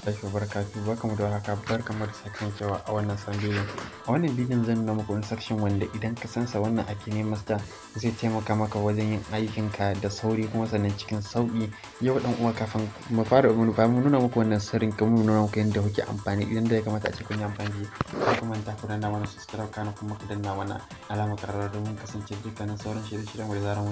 sake barkatu barkamu da haka barkamu da sakin cewa a wannan san a wannan bidiyon zan nuna muku instruction wanda idan ka sansa wannan ake ne masta zai taimaka maka wajen yin aikinka da sauri kuma sannan cikin sauki yau dan uwa kafin mu fara mu mu nuna muku wannan sirrin kuma mu nuna muku yadda kuke amfani idan da ya kamata a yi amfani da kuma ta ku danna mana subscribe kana kuma ku danna mana alamar don domin kasance dukkanin sauran shirye-shiryen da zaran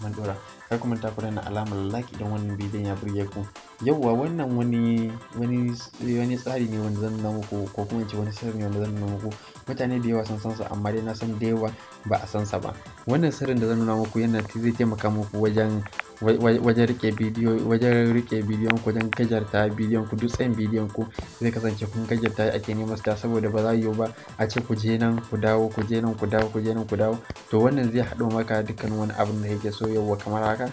mun dora kar kuma manta ku danna alamar like idan wannan bidiyon ya burge ku Yauwa wannan wani wani tsari ne wanda zan nuna muku ko kuma ce wani sirri ne wanda zan nuna muku mutane da yawa sun san sa amma dai na san da yawa ba a san sa ba wannan sirrin da zan nuna muku yana zai taimaka muku wajen wajen rike bidiyo wajen rike bidiyon ku wajen gajarta bidiyon ku duk tsayin bidiyon ku zai kasance kun gajarta ake neman ta saboda ba za yiwu ba a ce ku je nan ku dawo ku je nan ku dawo ku je nan ku dawo to wannan zai haɗo maka dukkan wani abin da yake so yauwa kamar haka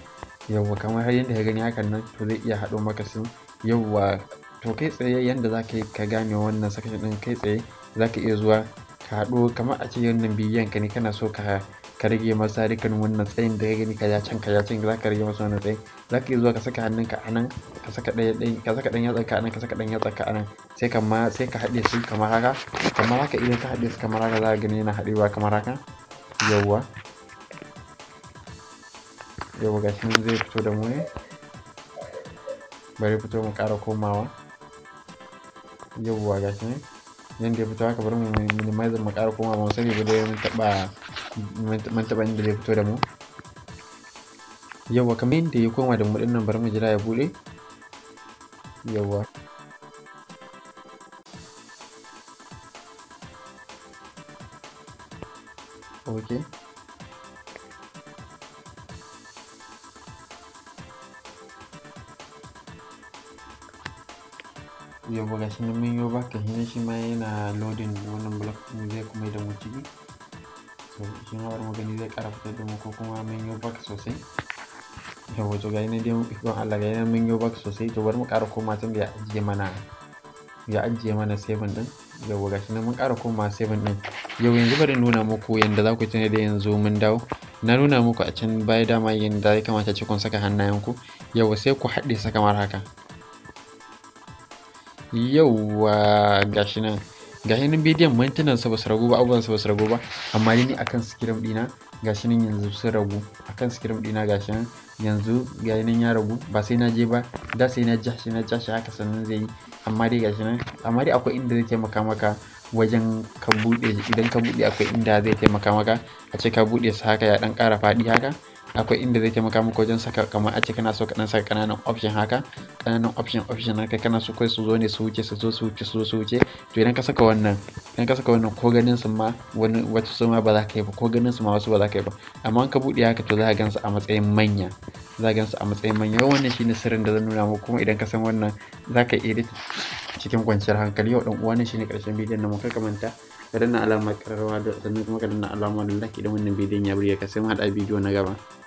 yawwa kamar har yadda ya gani hakan nan to zai iya haɗo maka su yawwa to kai tsaye yadda za ka yi ka gane wannan section ɗin kai tsaye za ka iya zuwa ka haɗo kamar a ce wannan bidiyon ka ne kana so ka ka rage masa dukkan wannan tsayin da ka gani ka yacen ka yacen za ka rage masa wannan tsayin za ka iya zuwa ka saka hannun ka anan ka saka ɗaya ɗayan ka saka ɗan yatsa ka anan ka saka ɗan yatsa ka anan sai ka ma sai ka haɗe su kamar haka kamar haka idan ka haɗe su kamar haka za ka gani yana haɗewa kamar haka yawwa yau ga shi zai fito da mu ne bari fito mu ƙara komawa yauwa ga shi ne yadda ya fito haka bari mu minimize mu ƙara komawa mu sani ba dai mun taɓa inda zai fito da mu yauwa kamar yadda ya koma da mu nan bari mu jira ya buɗe yauwa okay yabo ga shi ne mun yi baka shi ne shi ma yana loading wannan block mu zai kuma da mu ciki so shi ma bari mu gani zai kara fitar da mu ko kuma mun yi baka sosai yawa to ne dai don Allah ga nan mun yi baka sosai to bari mu kara koma tun da ya ajiye mana ya ajiye mana 7 din yabo ga shi ne mun kara koma 7 din yau yanzu bari nuna muku yanda za ku tuna da yanzu mun dawo na nuna muku a can baya dama yanda ya kamata ce kun saka hannayenku yau sai ku haɗe saka mar haka yauwa gashi nan gashi nan bidiyon mintunan su basu ragu ba abubuwan su basu ragu ba amma ni akan sikirim dina gashi nan yanzu sun ragu akan sikirim dina gashi nan yanzu gashi nan ya ragu ba sai na je ba da sai na jashi na jashi haka sannan zai yi amma dai gashi nan amma dai akwai inda zai taimaka maka wajen ka bude idan ka bude akwai inda zai taimaka maka a ce ka bude su haka ya dan kara faɗi haka akwai inda zai taimaka maka wajen saka kamar a ce kana so kaɗan saka kananan option haka kananan option option haka kana so kai su zo ne su wuce su zo su wuce su zo su wuce to idan ka saka wannan idan ka saka wannan ko ganin su ma wani wata su ma ba za ka yi ba ko ganin su ma wasu ba za ka yi ba amma ka bude haka to za ka gansu a matsayin manya za ka gansu a matsayin manya wannan shine sirrin da zan nuna muku kuma idan ka san wannan za ka edit cikin kwanciyar hankali yau dan uwa ne shine karshen bidiyon nan mu kamanta manta ka danna alamar da sannan kuma ka danna alamar like idan wannan bidiyon ya burge ka sai mu hada bidiyo na gaba